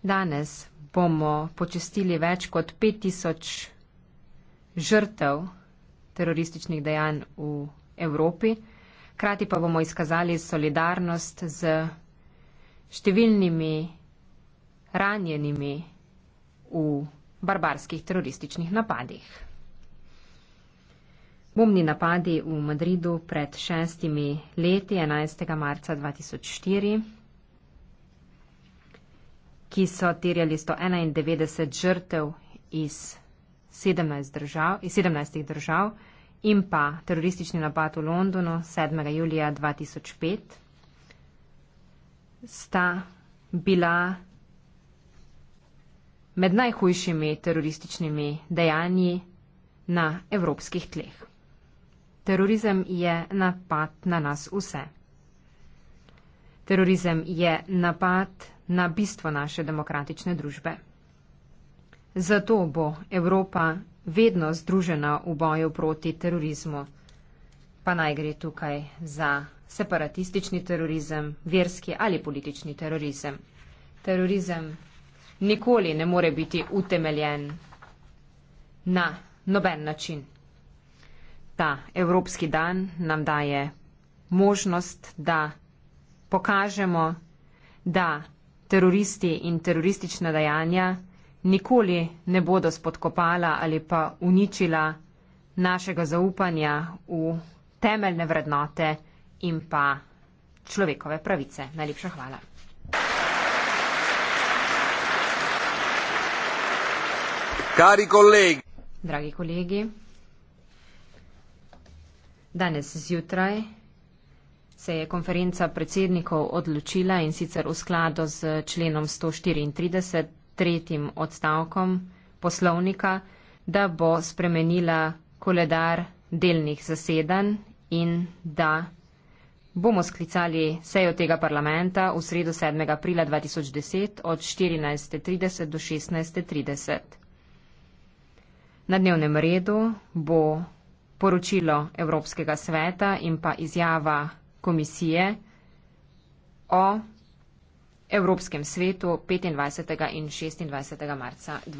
Danes bomo počestili več kot 5000 žrtev terorističnih dejanj v Evropi, krati pa bomo izkazali solidarnost z številnimi ranjenimi v barbarskih terorističnih napadih. Bomni napadi v Madridu pred šestimi leti, 11. marca 2004, ki so terjali 191 žrtev iz 17, držav, iz 17 držav in pa teroristični napad v Londonu 7. julija 2005, sta bila med najhujšimi terorističnimi dejanji na evropskih tleh. Terorizem je napad na nas vse. Terorizem je napad na bistvo naše demokratične družbe. Zato bo Evropa vedno združena v boju proti terorizmu, pa naj gre tukaj za separatistični terorizem, verski ali politični terorizem. Terorizem nikoli ne more biti utemeljen na noben način. Ta Evropski dan nam daje možnost, da pokažemo, da teroristi in teroristična dejanja nikoli ne bodo spodkopala ali pa uničila našega zaupanja v temeljne vrednote in pa človekove pravice. Najlepša hvala. Kari kolegi. Dragi kolegi, danes zjutraj se je konferenca predsednikov odločila in sicer v skladu z členom 134, tretjim odstavkom poslovnika, da bo spremenila koledar delnih zasedanj in da bomo sklicali sejo tega parlamenta v sredo 7. aprila 2010 od 14.30 do 16.30. Na dnevnem redu bo poročilo Evropskega sveta in pa izjava komisije o Evropskem svetu 25. in 26. marca 2020.